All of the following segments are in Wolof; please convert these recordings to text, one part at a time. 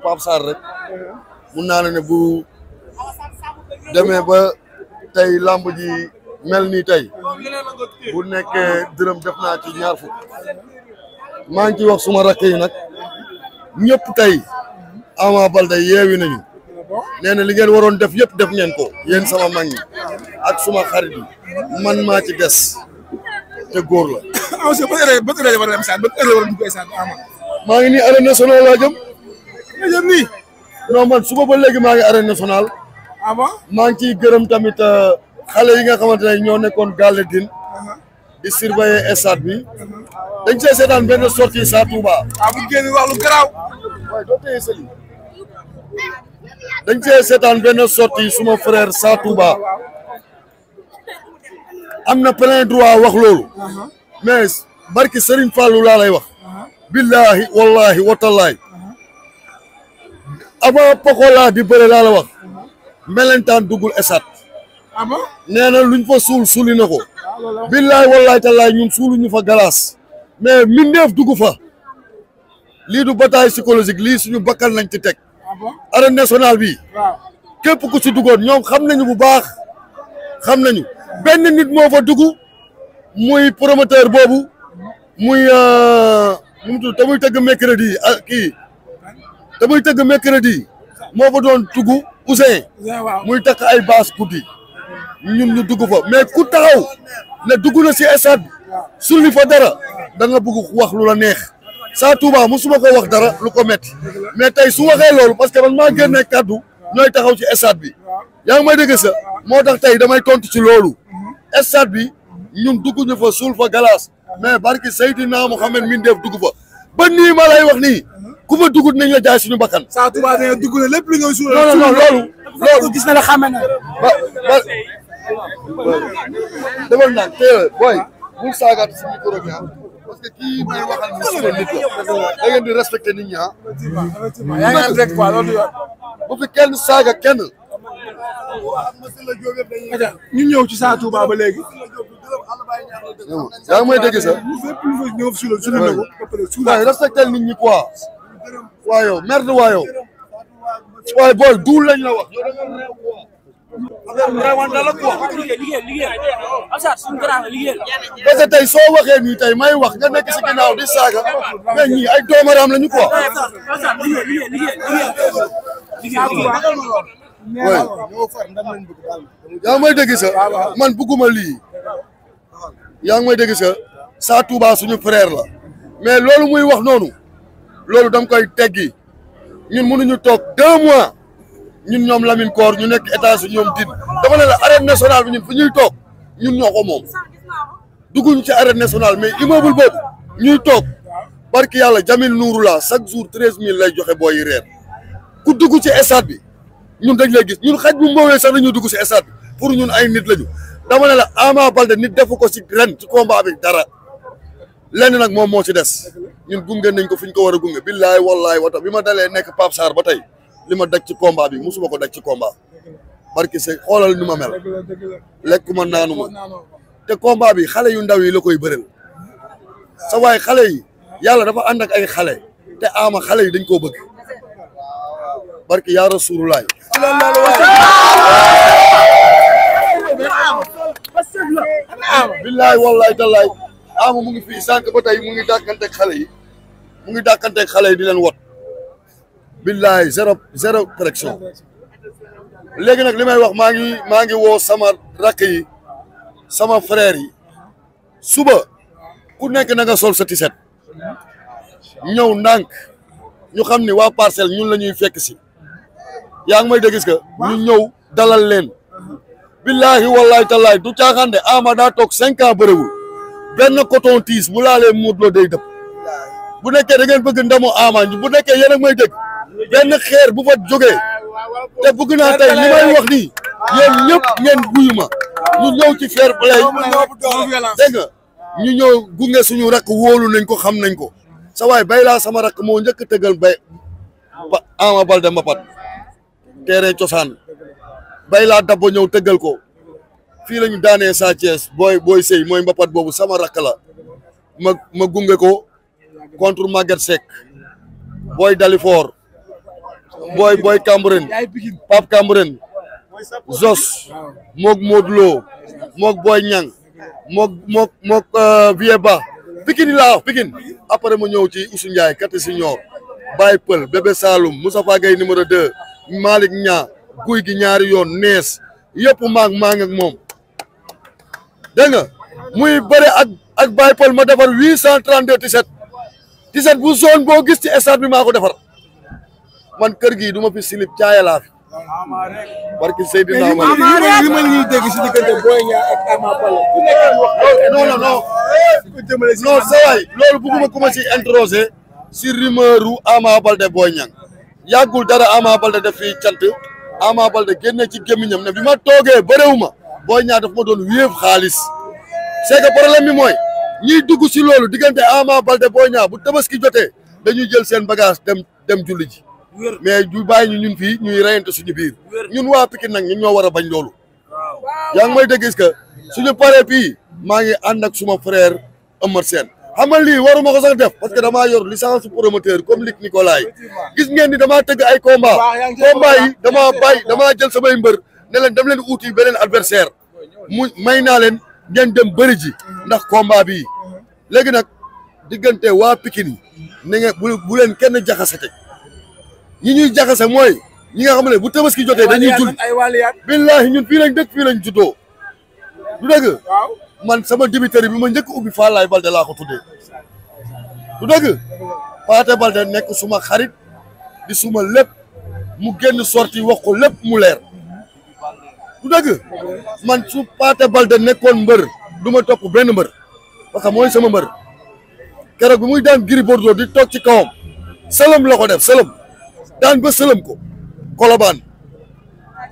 Pape Sarr rek mun naa ne ne bu deme ba tey làmb ji mel nii tey bu nekkee dërëm def naa ci ñaar fukk maa ngi ciy wax suma rakk yi nag ñëpp tey Ama Baldé yeewi nañu ne na li ngeen waroon def yëpp def ngeen ko yéen sama mag ñi ak suma xarit man maa ci des te góor la. ah aussi ban heure nga jëm nii. suba ba léegi maa ngi arène nationale. ah bon maa ngi ciy gërëm tamit euh, xale yi nga xamante ne ñoo nekkoon Gallé Dine. Uh-huh. di surveiller stade bi. Uh-huh. dañ see seetaan benn sortie saa Touba. ah bu génn wax lu garaaw. waaye doo benn sortie suma frère saa Touba. am na plein droit wax loolu. Uh-huh. mais barki Serigne Fallou laa lay wax. billahi wallahi watalaay. avant Pokola di bëre laa la wax melentaan duggul esat nee na luñ fa suul suuli na ko billaay wallaay tallaay ñun suuluñu fa galaas mais mindeef dugg fa lii du bataille psychologique lii suñu bakkan nañ ci teg arène nationale bi képp ku ci duggoon ñoom xam nañu bu baax xam nañu benn nit moo fa dugg muy promoteur boobu muy euh, mu tudd te muy tëgg mercredi ah, kii te muy tëgg mercredi moo fa doon tugg Ousseyn muy takk ay baas guddi ñun ñu dugg fa mais ku taxaw ne dugg na si stade bi sulli dara da nga bëgg wax lu la neex saa Touba musuma ko wax dara lu ko metti mais tey su waxee loolu parce que man maa génne kàddu ñooy taxaw ci stade bi yaa ngi may dégg moo tax tey damay tontu ci loolu stade bi ñun dugg ñu fa suul fa galaas mais barki Seydina Mouhamed min def dugg fa ba ma lay wax ni ku fa dugg nañ la jaay suñu bakkan. saa tubaab nee na dugg na gis la xàmme na. ba ba defal naa teel si micro bi ah. parce que kii may la da ngeen di respecté nit ñi ah. yaa ngi am rek quoi loolu yoon. bu ñu ñëw ci saa tubaab ba léegi. yaa ngi may dégg sax. waaw respecté nit ñi quoi. waa yow merde waa yow waaye booy duul lañ la wax. parce que tey soo waxee nii tey may wax nga nekk si ginnaaw di saaga mais ñii ay doomaraam lañu quoi. yaa ngi may dégg sa man bugguma lii yaa ngi may dégg sa suñu frère la mais loolu muy wax noonu. loolu dam koy teggi ñun mun mënuñu toog deux mois ñun ñoom Lamine Koor ñu nekk états unis ñoom din dama ne la arène nationale bi ñun fu ñuy toog ñun ñoo ko moom dugguñ ci arène nationale mais immeuble boobu ñuy toog barki yàlla Jamil Nuuru la chaque jour treize mille lay joxe booy yi ku dugg ci stade bi ñun dañ lay gis ñun xaj bu mboowee sax dañuy dugg ci stade bi pour ñun ay nit lañu dama ne la Ama Baldé nit defu ko ci ren ci combat dara lenn nag moom moo ci des ñun gunge nañ ko fu ñu ko war a gunge billaay wallaay wata bi ma dalee nekk Pape Sarr ba tey li ma daj ci combat bi musuma ko daj ci combat barki se xoolal lekk ma mel ma naanuma te combat bi xale yu ndaw yi la koy bëreel sa xale yi yàlla dafa ànd ak ay xale te ama xale yi dañ koo bëgg barki yaa rasulullaay billaay wallaay tallaay ama mu ngi fii sànq ba tey mu ngi dàkkanteeg xale yi mu ngi dàkkanteeg xale yi di leen wot billaay zéro zéro correction léegi nag li may wax maa ngi maa ngi woo sama rakk yi sama frère yi suba ku nekk na nga sol sa tiset ñëw ndànk ñu xam ni waa parcelle ñun la ñuy fekk si yaa ngi may dégg que ñu ñëw dalal leen billahi wallahi tallahi du caaxaan de ama daa toog cinq ans benn coton tiis bu laalee Modou Lo day dëpp bu nekkee da ngeen bëgg ndamu Ama bu nekkee yéen a may benn xeer bu fa jógee te bëgg naa tey li wax nii yéen ñëpp ngeen guyu ma ñu ñëw ci fair play dégg nga ñu ñëw gunge suñu rakk wóolu nañ ko xam nañ ko sa bay laa sama rak moo njëkk a tëggal bay Ama Baldé mbapat terrain cosaan bay laa dabba ñëw tëggal ko fii la ñu daanee Sa Thiès booy booy sëy mooy mbapat boobu sama rakk la ma ma gunge ko contre Maguette Seck booy Dalifor booy booy Cambérène Pape Cambérène Zos moog Modou Lo moog booy Ñang moog moog moog euh, Vieux Ba Pikine laa ma ñëw ci Ousseynou Ndiaye kati Signor Baye Pël Bébé Saloum Moustapha Gueye numéro 2 Malick Niang guy gi ñaari yoon nees yëpp maag maag ak moom. dégg nga muy bëre ak ak Baye ma defar huit cent trente deux tiset tiset bu zone boo gis ci stade bi maa ko defar man kër gii du ma fi silib caaya laa fi barki Seydina ma li ma si diggante Boy Niang ak Ama Baldé ku nekk wax bëgguma ku ma si introsé si rumeur u Ama Baldé Boy Niang yàggul dara Ama Baldé def fii cant Ama Baldé génne ci gémmiñam ne bi ma toogee bëréwu ma Boy Niang daf ma doon wéef xaalis c'est que bi mooy ñiy dugg si loolu diggante Ama Baldé Boy Niang bu tabaski jotee dañuy jël seen bagage dem dem julli ji mais du bàyyi ñu ñun fii ñuy reyante suñu biir ñun waa Pikine nag ñun ñoo war a bañ loolu yaa ngi may dégg est-ce que suñu paree fii maa ngi ànd ak suma frère Omar Sène xam nga lii waruma ko sax def parce que damaa yor licence promoteur comme Luc Nicolaï gis ngeen ni damaa tëgg ay combat combat dama damaa bàyyi damaa jël samay mbër ne leen dem leen uuti beneen adversaire mu may naa leen ngeen dem bëri ji ndax combat bii léegi nag diggante waa Pikine ni leen kenn jaxasate ñi ñuy jaxase mooy ñi nga xam ne bu tabaski jotee dañuy jul billaahi ñun fii lañ dëkk fii lañ juddoo du dëgg man sama dibiteri bi ma njëkk ubbi Fallaye Balde laa ko tuddee du dëgg Paate Balde nekk suma xarit di suma lépp mu génn sorti wax ko lépp mu leer du dëgg man su Pathé Baldé nekkoon mbër du ma topp benn mbër parce mooy sama mbër keroog bi muy daan Gris Bordeaux di toog ci kawam sëlëm la ko def sëlëm daan ba sëlëm ko kolobaan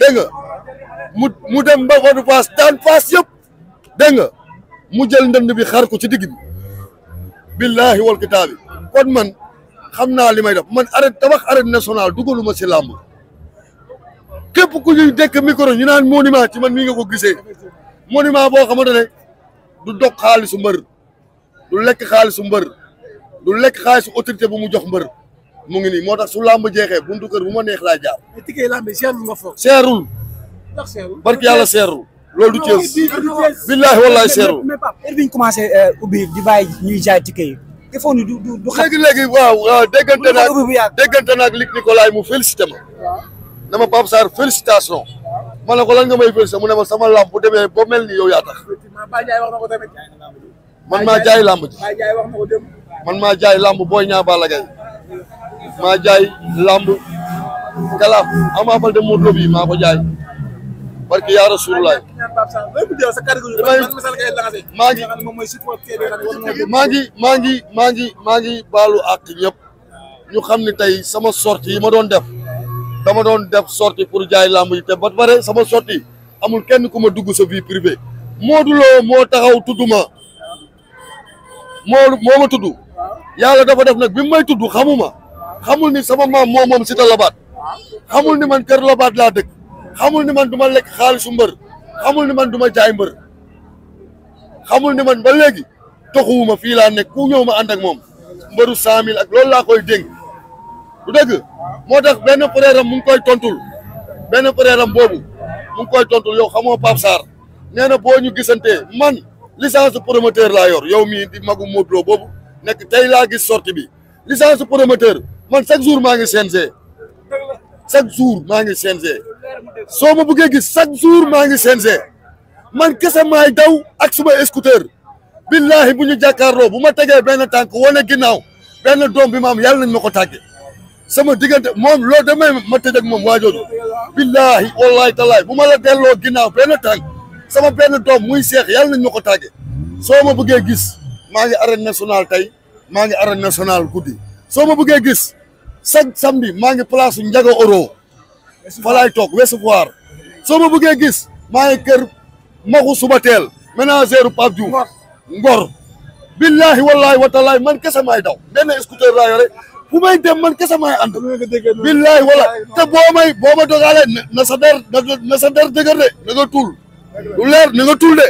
dégg nga mu mu dem mbaxodu faas daan faas yëpp dégg nga mu jël ndënd bi xar ko ci digg bi billaahi wal kitaabi man xam naa li may def man arrêt tabax arrêt national dugaluma si làmb képp ku ñuy dekk micro ñu naan monument ci man mii nga ko gisee monument boo xamante ne du dog xaalisu mbër du lekk xaalisu mbër du lekk xaalisu autorité bu mu jox mbër mu ngi nii moo tax su làmb jeexee buntu kër bu ma neex laa jaar. mais ticket làmb yi seerul nga foofu. seerul. ndax seerul barki yàlla seerul. lool du Thiès billaahi wallaahi seerul. mais Pape heure bi ñu commencé euh, ubbi di bàyyi ñuy jaay ticket yi. il faut du du du léegi léegi waaw déggante naag déggante naag Luc Nicolaï mu félicité ma. na ma Pape Sarr félicitation ma ne ko lan nga may félicité mu ne ma sama làmb bu demee ba mel ni yow yaa man maa jaay làmb ji man maa jaay làmb booy ñaa Balla Gaye maa jaay làmb kalaaf Ama Baldé Modou Lô bi maa ko jaay barke yaa Rasulullaah ma ngi maa ngi maa ngi maa ngi maa ngi baalu àq ñëpp ñu xam ni tey sama sortie yi ma doon def dama doon def sortie pour jaay làmb ji te ba pare sama sortie amul kenn ku ma dugg sa vie privée du Lo moo taxaw tudd ma moo moo ma tudd yàlla dafa def nag bi may tudd xamuma xamul ni sama maam moo moom si ta labaat xamul ni man kër labaat laa dëkk xamul ni man du ma lekk xaalisu mbër xamul ni man du ma jaay mbër xamul ni man ba léegi toxuwuma fii laa nekk ku ñëw ma ànd ak moom mbëru cent mille ak loolu laa koy dénk du dëgg moo tax benn frère am mu ngi koy tontul benn frère am boobu mu ngi koy tontul yow xamoo Pape Sarr nee na boo ñu gisantee man licence promoteur laa yor yow mii di magu Modou boobu nekk tey laa gis sortie bi licence promoteur man chaque jour maa ngi CNG chaque jour maa ngi CNG soo ma bëggee gis chaque jour maa ngi CNG man kese maay daw ak suma scooter billahi bu ñu jàkkaarloo bu ma tegee benn tànk wane ginnaaw benn doom bi maam yàlla nañ ma ko tàggee sama diggante moom loolu damay ma tëj ak moom waajooju billaahi wallaahi tallaahi bu ma la delloo ginnaaw benn tànk sama benn doom muy seex yàlla nañ ma ko tàggee soo ma bëggee gis maa ngi arène nationale tey maa ngi arène nationale guddi soo ma bëggee gis chaque sambi maa ngi place Ndiaga Euro fa laay toog Ouest Foire soo ma bëggee gis maa ngi kër maxu suba teel ménagère Pape Diouf ngor billaahi wallaahi wa taalaahi man kese maay daw benn scooter laa fu dem man kese may ànd billaay wala te boo may boo ma dogalee na sa der na sa der dëgër de na nga tuul lu na nga tuul de